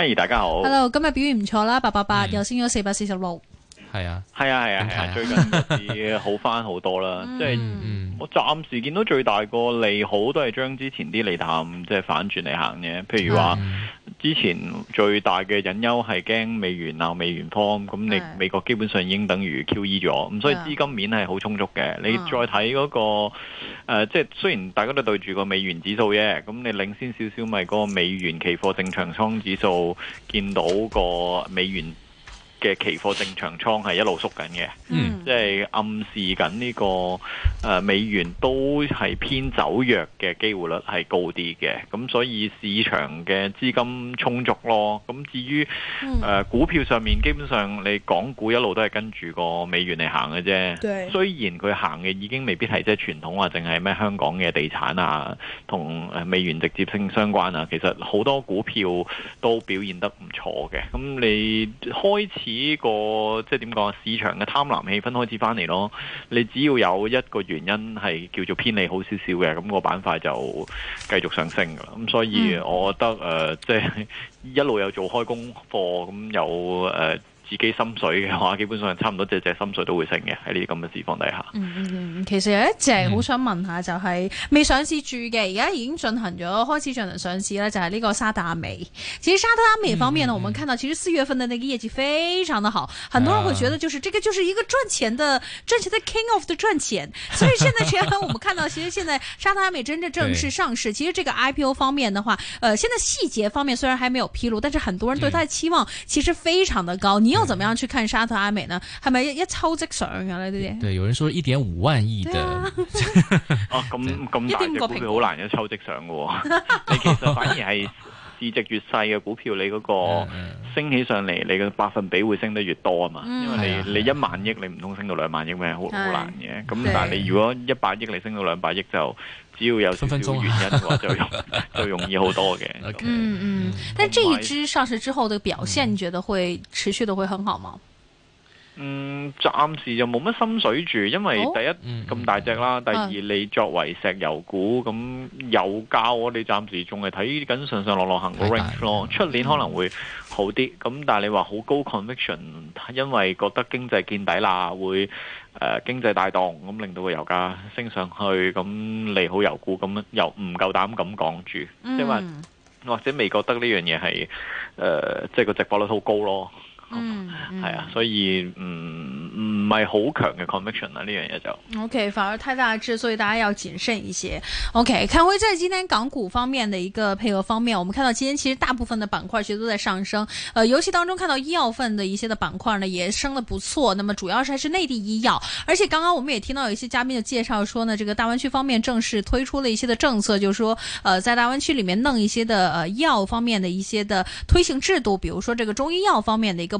Hey，大家好。Hello，今日表現唔錯啦，八八八又升咗四百四十六。係、嗯、啊，係啊，係啊，係啊，係啊，係啊。最近好翻好多啦。 即係、嗯、我暫時見到最大個利好都係將之前啲利淡即係反轉嚟行嘅，譬如話。嗯之前最大嘅隱憂係驚美元啊，美元方咁，那你美國基本上已經等於 QE 咗，咁所以資金面係好充足嘅。你再睇嗰，那個、嗯呃、即係雖然大家都對住個美元指數啫，咁你領先少少咪嗰個美元期貨正常倉指數見到個美元。嘅期貨正常倉係一路縮緊嘅，嗯，即係暗示緊呢、這個誒、呃、美元都係偏走弱嘅機會率係高啲嘅，咁所以市場嘅資金充足咯。咁至於誒、呃、股票上面，基本上你港股一路都係跟住個美元嚟行嘅啫，對。雖然佢行嘅已經未必係即係傳統啊，定係咩香港嘅地產啊，同誒美元直接性相關啊，其實好多股票都表現得唔錯嘅。咁你開始。呢、這個即係點講市場嘅貪婪氣氛開始翻嚟咯。你只要有一個原因係叫做偏利好少少嘅，咁、那個板塊就繼續上升噶啦。咁所以我覺得誒、嗯呃，即係一路有做開功課，咁有誒。呃自己心水嘅話，基本上差唔多隻隻心水都會升嘅，喺呢啲咁嘅市況底下。嗯嗯嗯，其實有一隻好想問下就係未上市住嘅，而家已經進行咗，開始進行上市咧，就係、是、呢個沙特阿美。其實沙特阿美方面咧、嗯，我們看到其實四月份嘅呢啲業績非常的好，嗯，很多人會覺得就是、啊、這個就是一個賺錢的、賺錢的 king of the 賺錢。所以現在其實我們看到，其 實現在沙特阿美真正正式上市，其實這個 IPO 方面的話，呃，現在細節方面雖然還沒有披露，但是很多人對他的期望其實非常的高。你我怎麼樣去看沙特阿美呢？係咪一抽即上噶呢啲？對，有人說一點五萬億的啊 啊，啊咁咁大個平台好難一抽即上噶。你 其實反而係。 市值越細嘅股票，你嗰個升起上嚟，你嘅百分比會升得越多啊嘛，因為你你一萬億你唔通升到兩萬億咩？好好難嘅。咁、嗯、但係你如果你一百億你升到兩百億就，只要有少少原因嘅話就、啊、就容易好多嘅。 嗯嗯，但係呢一支上市之後嘅表現，你覺得會持續得會很好嗎？嗯，暫時就冇乜心水住，因為第一咁大隻啦，第二你作為石油股咁油價，我哋暫時仲係睇緊上上落落行個 range 咯。出年可能會好啲，咁但係你話好高 conviction，因為覺得經濟見底啦，會誒、呃、經濟大盪咁令到個油價升上去，咁利好油股，咁又唔夠膽咁講住，因、嗯、係或者未覺得呢樣嘢係誒，即、呃、係、就是、個直播率好高咯。嗯，嗯，係啊，所以唔唔係好強嘅 conviction 啊，呢樣嘢就 OK，反而太大致，所以大家要謹慎一些。OK，看回，在今天港股方面的一個配合方面，我們看到今天其實大部分的板塊其實都在上升。呃，遊戲當中看到醫藥份的一些的板塊呢，也升得不錯。那麼主要是還是內地醫藥，而且剛剛我們也聽到有一些嘉賓的介紹，說呢，這個大灣區方面正式推出了一些的政策，就是說，呃，在大灣區裏面弄一些的呃醫藥方面的一些的推行制度，比如說這個中醫藥方面的一個。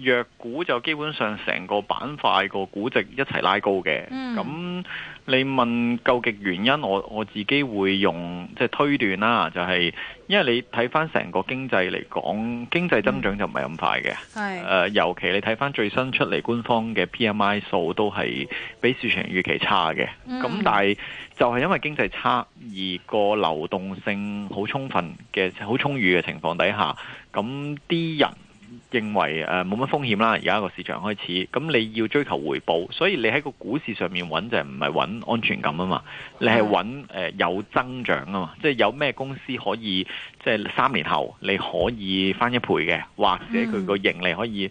若股就基本上成個板塊個估值一齊拉高嘅，咁、嗯、你問究極原因，我我自己會用即係推斷啦，就係、是啊，就是、因為你睇翻成個經濟嚟講，經濟增長就唔係咁快嘅、嗯呃，尤其你睇翻最新出嚟官方嘅 P M I 數都係比市場預期差嘅，咁、嗯、但係就係因為經濟差，而個流動性好充分嘅、好充裕嘅情況底下，咁啲人。認為誒冇乜風險啦，而家個市場開始，咁你要追求回報，所以你喺個股市上面揾就唔係揾安全感啊嘛，你係揾誒有增長啊嘛，即係有咩公司可以即係三年後你可以翻一倍嘅，或者佢個盈利可以誒、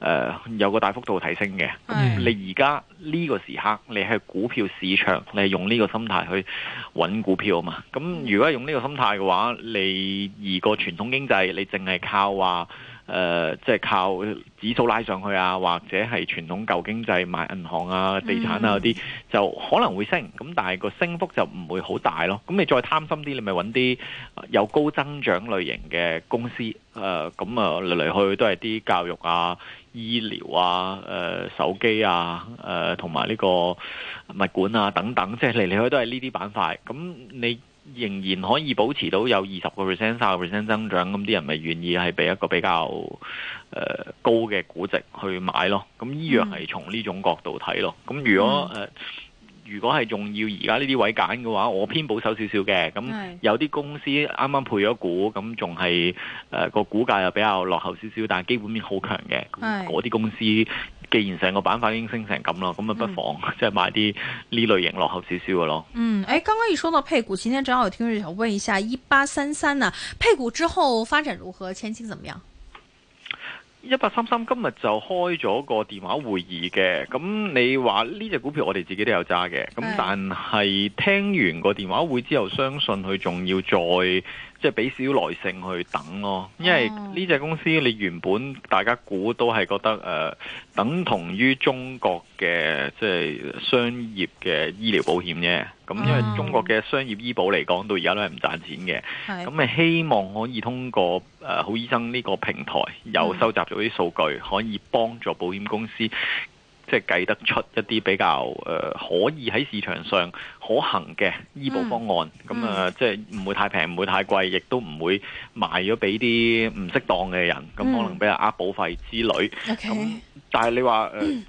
呃、有個大幅度提升嘅。咁你而家呢個時刻，你喺股票市場，你係用呢個心態去揾股票啊嘛。咁如果用呢個心態嘅話，你而個傳統經濟你淨係靠話、啊。誒、呃，即、就、係、是、靠指數拉上去啊，或者係傳統舊經濟買銀行啊、地產啊嗰啲、嗯，就可能會升。咁但係個升幅就唔會好大咯。咁你再貪心啲，你咪搵啲有高增長類型嘅公司。誒、呃，咁啊，嚟嚟去去都係啲教育啊、醫療啊、呃、手機啊、誒同埋呢個物管啊等等，即係嚟嚟去都係呢啲板塊。咁你，仍然可以保持到有二十個 percent、三十個 percent 增長，咁啲人咪願意係俾一個比較誒、呃、高嘅估值去買咯。咁依樣係從呢種角度睇咯。咁如果誒、嗯呃、如果係仲要而家呢啲位揀嘅話，我偏保守少少嘅。咁有啲公司啱啱配咗股，咁仲係誒個股價又比較落後少少，但係基本面好強嘅，嗰、嗯、啲公司。既然成個板塊已經升成咁咯，咁咪不妨即係買啲呢類型落後少少嘅咯。嗯，誒，剛剛一說到配股，前天正好有聽眾想問一下一八三三呢？配股之後發展如何？前景點樣？一八三三，今日就開咗個電話會議嘅，咁你話呢隻股票我哋自己都有揸嘅，咁但係聽完個電話會之後，相信佢仲要再即係俾少耐性去等咯、哦，因為呢隻公司你原本大家估都係覺得誒、呃、等同於中國嘅即係商業嘅醫療保險啫。咁、嗯、因為中國嘅商業醫保嚟講到而家都係唔賺錢嘅。咁咪希望可以通過誒、呃、好醫生呢個平台，有收集咗啲數據、嗯、可以幫助保險公司，即係計得出一啲比較誒、呃、可以喺市場上可行嘅醫保方案。咁、嗯、啊、呃嗯，即係唔會太平，唔會太貴，亦都唔會賣咗俾啲唔適當嘅人。咁、嗯、可能俾人呃保費之類，咁、okay, 但係你話誒。嗯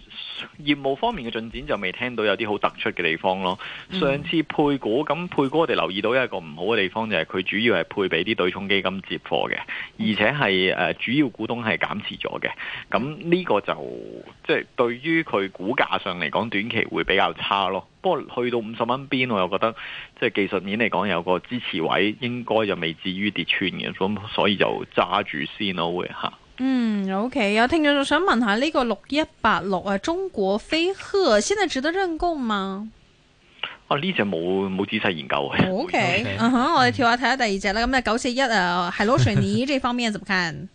業務方面嘅進展就未聽到有啲好突出嘅地方咯。上次配股咁，配股，我哋留意到一個唔好嘅地方就係佢主要係配俾啲對沖基金接貨嘅，而且係誒、呃、主要股東係減持咗嘅。咁呢個就即係、就是、對於佢股價上嚟講短期會比較差咯。不過去到五十蚊邊，我又覺得即係技術面嚟講有個支持位，應該就未至於跌穿嘅。咁所以就揸住先咯，會吓。嗯，OK，有聽眾就想問下呢個六一八六啊，中國飛鶴現在值得認購嗎？哦、啊，呢隻冇冇仔細研究啊。OK，, okay、uh-huh, 嗯、我哋跳下睇下第二隻啦。咁啊，九四一啊，海螺水泥呢方面 怎麼看？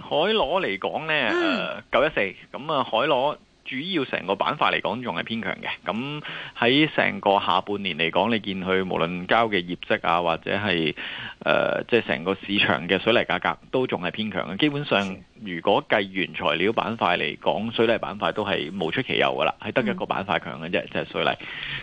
海螺嚟講呢，九一四咁啊，海螺。主要成個板塊嚟講，仲係偏強嘅。咁喺成個下半年嚟講，你見佢無論交嘅業績啊，或者係誒，即係成個市場嘅水泥價格，都仲係偏強嘅。基本上，如果計原材料板塊嚟講，水泥板塊都係無出其右噶啦，係得一個板塊強嘅啫，嗯、就係水泥。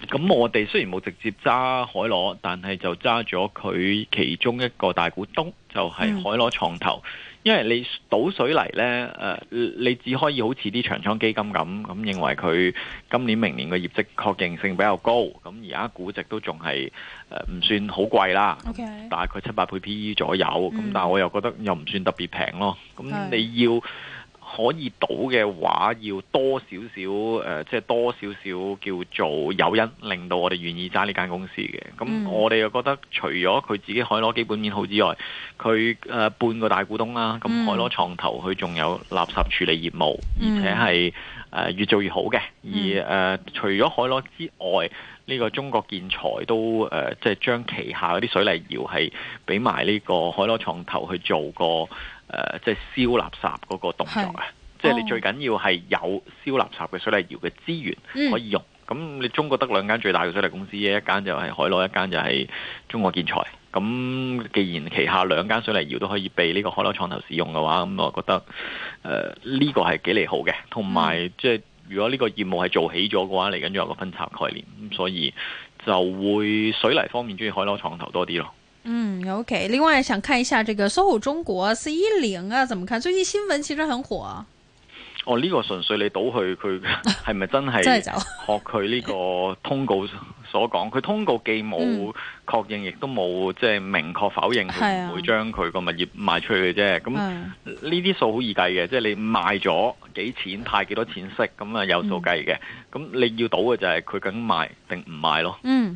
咁我哋雖然冇直接揸海螺，但係就揸咗佢其中一個大股東，就係、是、海螺創投。嗯嗯。因為你倒水泥呢，誒、呃，你只可以好似啲長倉基金咁，咁、嗯、認為佢今年明年嘅業績確認性比較高，咁而家估值都仲係唔算好貴啦，大概七八倍 PE 左右，咁、嗯、但係我又覺得又唔算特別平咯，咁、嗯、你要。可以賭嘅話，要多少少即係、呃即係、多少少叫做誘因，令到我哋願意揸呢間公司嘅。咁我哋又覺得，除咗佢自己海螺基本面好之外，佢、呃、半個大股東啦。咁海螺創投佢仲有垃圾處理業務，嗯、而且係、呃、越做越好嘅、嗯。而、呃、除咗海螺之外，呢、呢個中國建材都、呃、即係將旗下嗰啲水泥窯係俾埋呢個海螺創投去做個。誒、呃，即係燒垃圾嗰個動作啊！即係你最緊要係有燒垃圾嘅水泥窑嘅資源可以用。咁、嗯、你中國得兩間最大嘅水泥公司，一間就係海螺，一間就係中國建材。咁既然旗下兩間水泥窑都可以被呢個海螺創投使用嘅話，咁我覺得誒呢、呃這個係幾利好嘅。同埋、嗯、即係如果呢個業務係做起咗嘅話，嚟緊仲有個分拆概念，咁所以就會水泥方面中意海螺創投多啲咯。嗯，OK。另外想看一下這個 soho 中國 C 一零啊，怎麼看？最近新聞其實很火，啊。哦，呢、這個純粹你賭佢，佢係咪真係學佢呢個通告所講？佢 通告既冇確認，亦、嗯、都冇即係明確否認佢唔會將佢個物業賣出去嘅啫。咁呢啲數好易計嘅，嗯，即係你賣咗幾錢派幾多錢息，咁啊有數計嘅。咁、嗯、你要賭嘅就係佢敢賣定唔賣咯。嗯。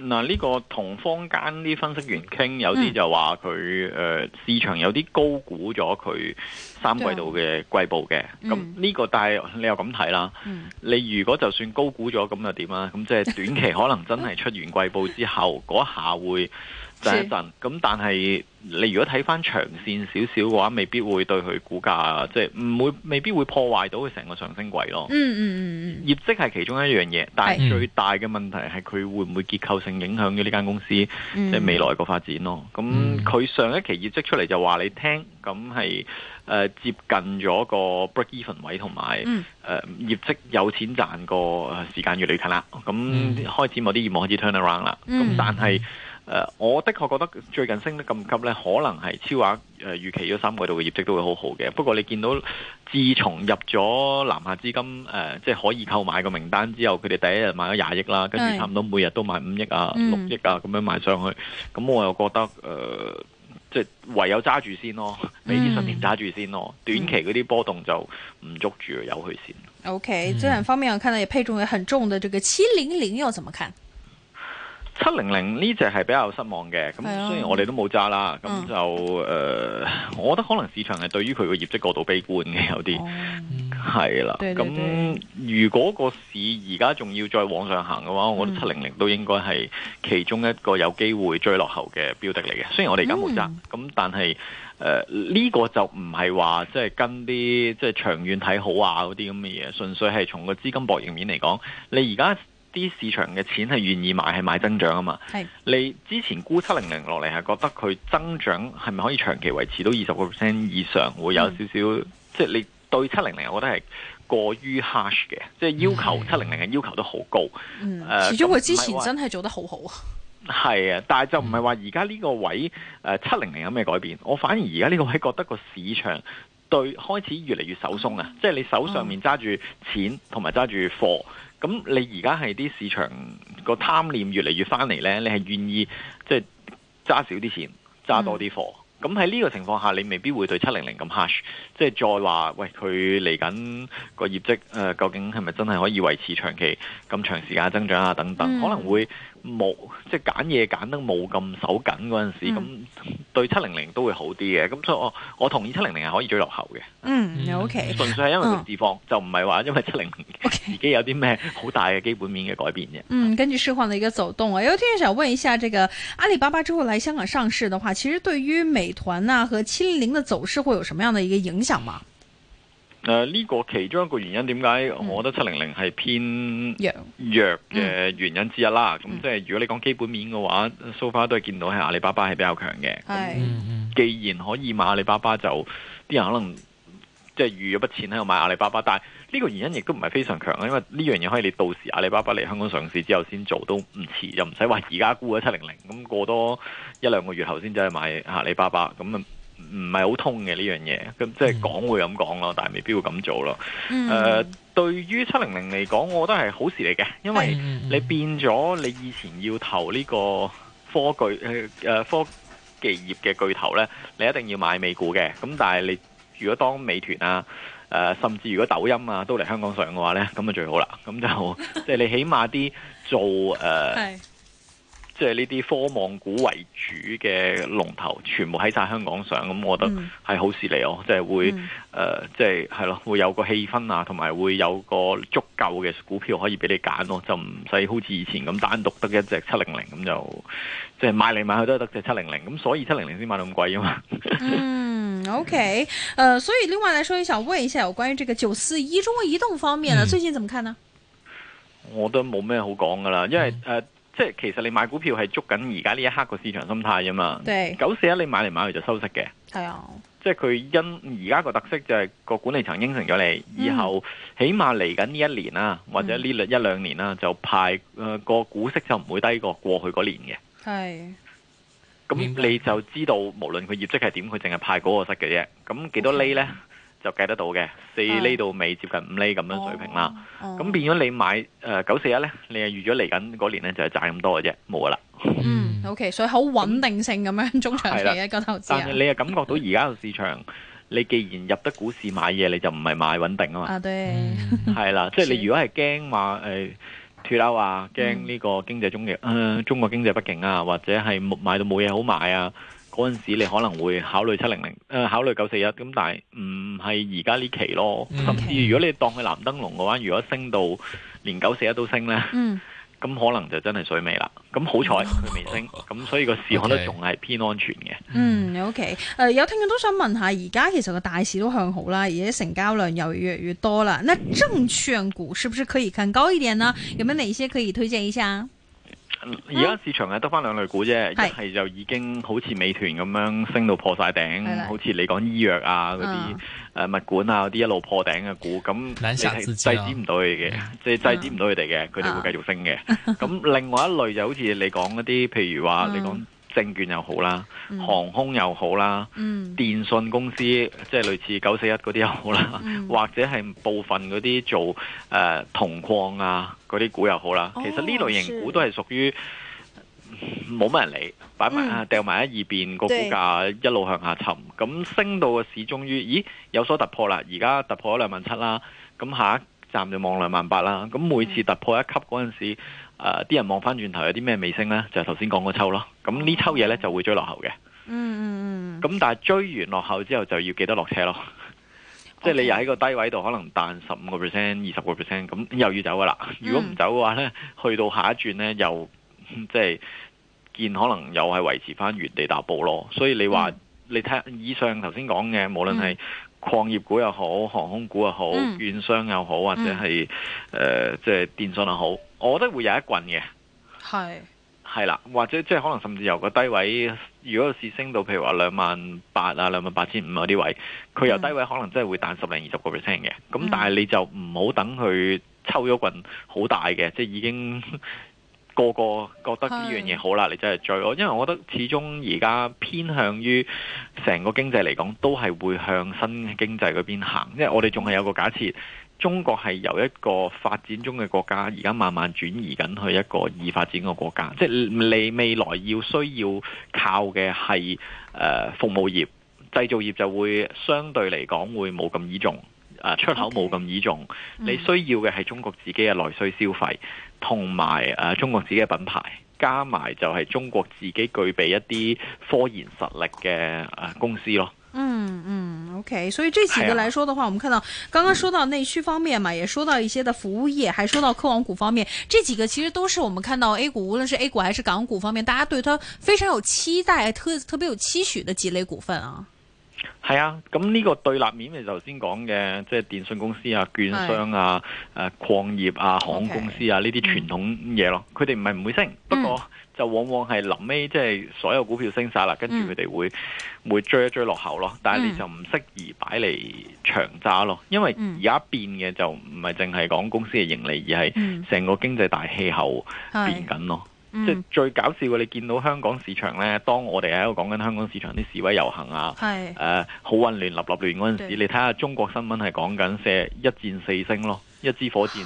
嗱，呢個同坊間啲分析員傾，有啲就話佢誒市場有啲高估咗佢。三季度嘅季報嘅，咁、嗯、呢個，但係你又咁睇啦、嗯。你如果就算高估咗，咁又點啊？咁即係短期可能真係出完季報之後，嗰 下會震一震。咁但係你如果睇翻長線少少嘅話，未必會對佢股價即係唔會，未必會破壞到佢成個上升軌咯。嗯嗯嗯業績係其中一樣嘢，但係最大嘅問題係佢會唔會結構性影響嘅呢間公司，即、嗯、係、就是、未來個發展咯。咁佢上一期業績出嚟就話你聽，咁係。誒、呃、接近咗個 break even 位同埋誒業績有錢賺個時間越嚟越近啦，咁、嗯嗯、開始某啲業務，開始 turn around 啦。咁、嗯、但係誒、呃，我的確覺得最近升得咁急咧，可能係超額誒、呃、預期咗三個度嘅業績都會好好嘅。不過你見到自從入咗南下資金誒、呃，即係可以購買個名單之後，佢哋第一日買咗廿億啦，跟住差唔多每日都買五億啊、六、嗯、億啊咁樣買上去。咁、嗯、我又覺得誒。呃。即係唯有揸住先咯，俾啲信念揸住先咯，嗯、短期嗰啲波動就唔捉住，由、嗯、佢先。O K，資產方面我看到你配重很重的這個七零零，又怎麼看？七零零呢隻係比較失望嘅，咁雖然我哋都冇揸啦，咁、啊、就誒、嗯呃，我覺得可能市場係對於佢個業績過度悲觀嘅，有啲係、嗯、啦。咁如果個市而家仲要再往上行嘅話，我覺得七零零都應該係其中一個有機會追落後嘅標的嚟嘅、嗯。雖然我哋而家冇揸，咁、嗯、但係誒呢個就唔係話即係跟啲即係長遠睇好啊嗰啲咁嘅嘢，純粹係從個資金博弈面嚟講，你而家。啲市場嘅錢係願意買，係買增長啊嘛。係你之前估七零零落嚟係覺得佢增長係咪可以長期維持到二十個 percent 以上，會有少少？即、嗯、係、就是、你對七零零，我覺得係過於 hush 嘅，即、就、係、是、要求七零零嘅要求都好高。嗯，呃、始終佢之前真係做得很好好啊。係、呃嗯、啊，但係就唔係話而家呢個位誒七零零有咩改變？我反而而家呢個位覺得個市場。對，開始越嚟越手鬆啊、嗯！即係你手上面揸住錢同埋揸住貨，咁你而家係啲市場個貪念越嚟越翻嚟呢，你係願意即係揸少啲錢，揸多啲貨。咁喺呢個情況下，你未必會對七零零咁 hush，即係再話喂佢嚟緊個業績、呃、究竟係咪真係可以維持長期咁長時間增長啊？等等、嗯，可能會。冇即係揀嘢揀得冇咁手緊嗰陣時候，咁、嗯、對七零零都會好啲嘅。咁所以我我同意七零零係可以追落後嘅。嗯，OK。純粹係因為市況、嗯，就唔係話因為七零零自己有啲咩好大嘅基本面嘅改變嘅、嗯。嗯，根據市況嘅一個走動啊，有天想問一下，這個阿里巴巴之後嚟香港上市嘅話，其實對於美團啊和七零零嘅走勢會有什麼樣嘅一個影響嗎？誒、呃、呢，這個其中一個原因點解？為什麼我覺得七零零係偏弱嘅原因之一啦。咁、嗯嗯嗯啊、即係如果你講基本面嘅話，so、嗯、far 都係見到係阿里巴巴係比較強嘅。嗯、既然可以買阿里巴巴，就啲人可能即係預咗筆錢喺度買阿里巴巴。但係呢個原因亦都唔係非常強，因為呢樣嘢可以你到時阿里巴巴嚟香港上市之後先做都唔遲，又唔使話而家沽咗七零零，咁、嗯、過多一兩個月後先走去買阿里巴巴咁。嗯唔係好通嘅呢樣嘢，咁即係講會咁講咯，但係未必會咁做咯。誒、嗯呃，對於七零零嚟講，我覺得係好事嚟嘅，因為你變咗你以前要投呢個科誒、呃、科技業嘅巨頭呢，你一定要買美股嘅。咁但係你如果當美團啊、呃、甚至如果抖音啊都嚟香港上嘅話呢，咁就最好啦。咁就 即係你起碼啲做誒。呃即係呢啲科網股為主嘅龍頭，全部喺晒香港上，咁我覺得係好事嚟哦。即、嗯、係、就是、會誒，即係係咯，會有個氣氛啊，同埋會有個足夠嘅股票可以俾你揀咯，就唔使好似以前咁單獨得一隻七零零咁，就即係買嚟買去都係得隻七零零咁，所以七零零先買到咁貴啊嘛。 嗯，OK，誒、uh,，所以另外來說，想問一下有關於這個九四一中國移動方面咧、嗯，最近怎麼看呢？我覺得冇咩好講噶啦，因為誒。嗯即係其實你買股票係捉緊而家呢一刻個市場心態啫嘛。九四一你買嚟買去就收息嘅。係啊。即係佢因而家個特色就係個管理層應承咗你、嗯，以後起碼嚟緊呢一年啦、啊，或者呢一兩年啦、啊嗯，就派誒個、呃、股息就唔會低過過去嗰年嘅。係。咁你就知道，無論佢業績係點，佢淨係派嗰個息嘅啫。咁幾多釐呢？Okay. 就計得到嘅四厘度尾接近五厘咁樣水平啦，咁變咗你買誒九四一咧，你係預咗嚟緊嗰年咧就係賺咁多嘅啫，冇噶啦。嗯，OK，所以好穩定性咁樣中長期一個投資。但係你係感覺到而家個市場，你既然入得股市買嘢，你就唔係買穩定啊嘛。啊，對。係啦，即係你如果係驚話誒脫歐啊，驚呢個經濟中嘅誒中國經濟不景啊，或者係冇買到冇嘢好買啊。嗰陣時你可能會考慮七零零，誒，考慮九四一，咁但係唔係而家呢期咯，嗯，甚至如果你當佢藍燈籠嘅話，如果升到連九四一都升咧，咁、嗯、可能就真係水尾啦。咁好彩佢未升，咁、嗯、所以個市可能仲係偏安全嘅。嗯，OK，誒、呃，有聽眾都想問下，而家其實個大市都向好啦，而且成交量又越嚟越多啦，那證券股是不是可以看高一點呢？嗯、有冇哪些可以推薦一下？而家市場係得翻兩類股啫，啊，一係就已經好似美團咁樣升到破晒頂，好似你講醫藥啊嗰啲，誒物管啊嗰啲一路破頂嘅股，咁你係制止唔到佢嘅，即、啊、係、就是、制止唔到佢哋嘅，佢、啊、哋會繼續升嘅。咁、啊、另外一類就好似你講嗰啲，譬、啊、如話你講、嗯。你證券又好啦，航空又好啦，嗯，電信公司即係類似九四一嗰啲又好啦，嗯，或者係部分嗰啲做誒、呃、銅礦啊嗰啲股又好啦，哦。其實呢類型股都係屬於冇乜人理擺埋啊，掉、嗯、埋一二邊個股價一路向下沉咁升到個市終於咦有所突破啦，而家突破咗兩萬七啦，咁下一。站就望兩萬八啦，咁每次突破一級嗰陣時，啲、mm. 呃、人望返轉頭有啲咩尾聲呢？就係頭先講嗰抽咯。咁呢抽嘢呢，就會追落後嘅。嗯、mm. 咁但係追完落後之後，就要記得落車咯。Okay. 即係你又喺個低位度，可能彈十五個 percent、二十個 percent，咁又要走噶啦。Mm. 如果唔走嘅話呢，去到下一轉呢，又即係見可能又係維持返原地踏步咯。所以你話、mm. 你睇下以上頭先講嘅，無論係。Mm. 礦業股又好，航空股又好，券、嗯、商又好，或者係誒，即、嗯、係、呃就是、電信又好，我覺得會有一棍嘅。係係啦，或者即係可能甚至由個低位，如果市升到譬如話兩萬八啊，兩萬八千五啊啲位，佢由低位可能真係會彈十零二十個 percent 嘅。咁、嗯、但係你就唔好等佢抽咗棍好大嘅，即係已經。個個覺得呢樣嘢好啦，你真係追咯，因為我覺得始終而家偏向於成個經濟嚟講，都係會向新經濟嗰邊行。因為我哋仲係有個假設，中國係由一個發展中嘅國家，而家慢慢轉移緊去一個已發展嘅國家，即係你未來要需要靠嘅係服務業、製造業就會相對嚟講會冇咁倚重。誒，出口冇咁倚重，okay, 你需要嘅係中國自己嘅內需消費，同埋誒中國自己嘅品牌，加埋就係中國自己具備一啲科研實力嘅誒公司咯。嗯嗯，OK，所以這幾個來說的話，啊、我們看到剛剛說到內需方面嘛，嗯，也說到一些的服務業，還說到科網股方面，這幾個其實都是我們看到 A 股，無論是 A 股還是港股方面，大家對它非常有期待，特特別有期許的幾類股份啊。係啊，咁呢個對立面係頭先講嘅，即係、就是、電信公司啊、券商啊、誒礦、啊、業啊、航空公司啊呢啲傳統嘢咯。佢哋唔係唔會升、嗯，不過就往往係臨尾即係所有股票升晒啦，跟住佢哋會、嗯、會追一追落後咯。但係你就唔適宜擺嚟長揸咯，因為而家變嘅就唔係淨係講公司嘅盈利，而係成個經濟大氣候變緊咯。嗯嗯、即係最搞笑嘅，你見到香港市場呢，當我哋喺度個講緊香港市場啲示威遊行啊，誒，好、呃、混亂亂，亂，亂的、立立亂嗰陣時，你睇下中國新聞係講緊射一箭四星咯，一支火箭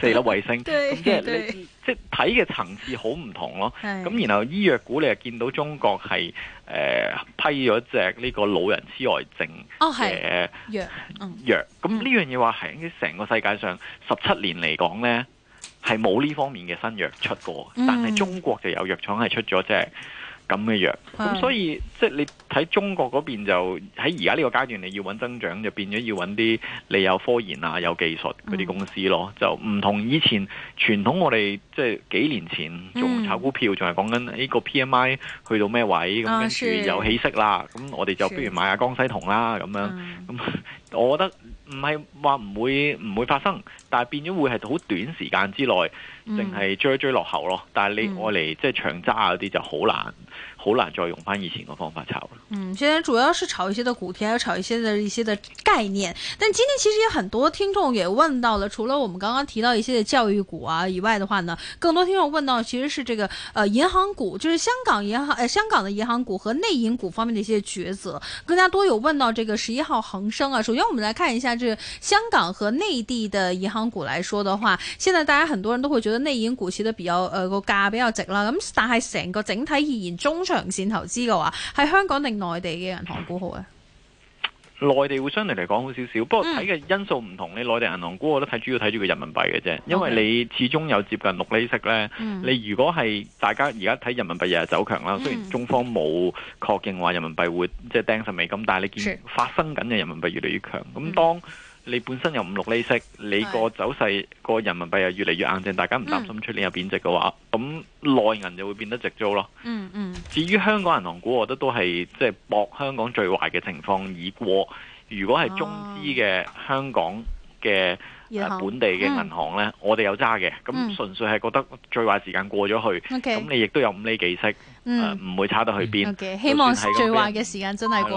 四粒衛星，即係你即係睇嘅層次好唔同咯。咁然後醫藥股你又見到中國係誒、呃、批咗隻呢個老人痴呆症嘅藥、哦，藥咁呢樣嘢話係喺成個世界上十七年嚟講呢。係冇呢方面嘅新藥出過，但係中國就有藥廠係出咗即係，就是咁嘅樣，咁所以即係、就是、你睇中國嗰邊就喺而家呢個階段，你要揾增長就變咗要揾啲你有科研啊、有技術嗰啲公司咯，嗯、就唔同以前傳統我。我哋即係幾年前做炒股票，仲係講緊呢個 P M I 去到咩位，跟住有起色啦。咁我哋就不如買下江西銅啦咁樣。咁、嗯、 我覺得唔係話唔會唔會發生，但係變咗會係好短時間之內，淨係追一追落後咯。嗯、但係你我嚟即係長揸嗰啲就好難。好難再用翻以前嘅方法炒。嗯，現在主要是炒一些的股票，又炒一些的一些的概念。但今天其實有很多聽眾也問到了，除了我們剛剛提到一些嘅教育股啊以外，的話呢，更多聽眾問到其實是這個，呃，銀行股，就是香港銀行，誒、呃，香港的銀行股和內銀股方面的一些抉擇。更加多有問到這個十一號恒生啊。首先，我們來看一下就，這香港和內地的銀行股來說的話，現在大家很多人都會覺得內銀股其實比較，呃個價比較值啦。咁但係成個整體而言，中上長線投資嘅話，係香港定內地嘅銀行股好咧？內地會相對嚟講好少少，不過睇嘅因素唔同。嗯、你內地銀行股，我都睇主要睇住個人民幣嘅啫，因為你始終有接近六厘息咧、嗯。你如果係大家而家睇人民幣日日走強啦，雖然中方冇確認話人民幣會即係掟實美金，但係你見發生緊嘅人民幣越嚟越強，咁、嗯、當。你本身有五六厘息，你個走勢個人民幣又越嚟越硬淨，大家唔擔心出年有貶值嘅話，咁內銀就會變得直租咯。嗯嗯、至於香港銀行股，我覺得都係即係博香港最壞嘅情況已過。如果係中資嘅香港嘅、哦呃、本地嘅銀行呢，嗯、我哋有揸嘅，咁、嗯、純粹係覺得最壞時間過咗去，咁、嗯、你亦都有五厘幾息，唔、嗯呃嗯、會差得去邊？嗯、okay，希望最壞嘅時間真係過了。嗯